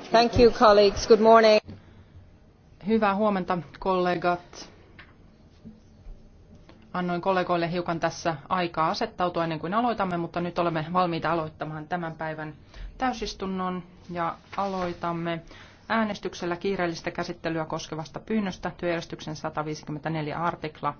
Thank you, colleagues. Good morning. Hyvää huomenta, kollegat. Annoin kollegoille hiukan tässä aikaa asettautua ennen kuin aloitamme, mutta nyt olemme valmiita aloittamaan tämän päivän täysistunnon ja aloitamme äänestyksellä kiireellistä käsittelyä koskevasta pyynnöstä työjärjestyksen 154 artikla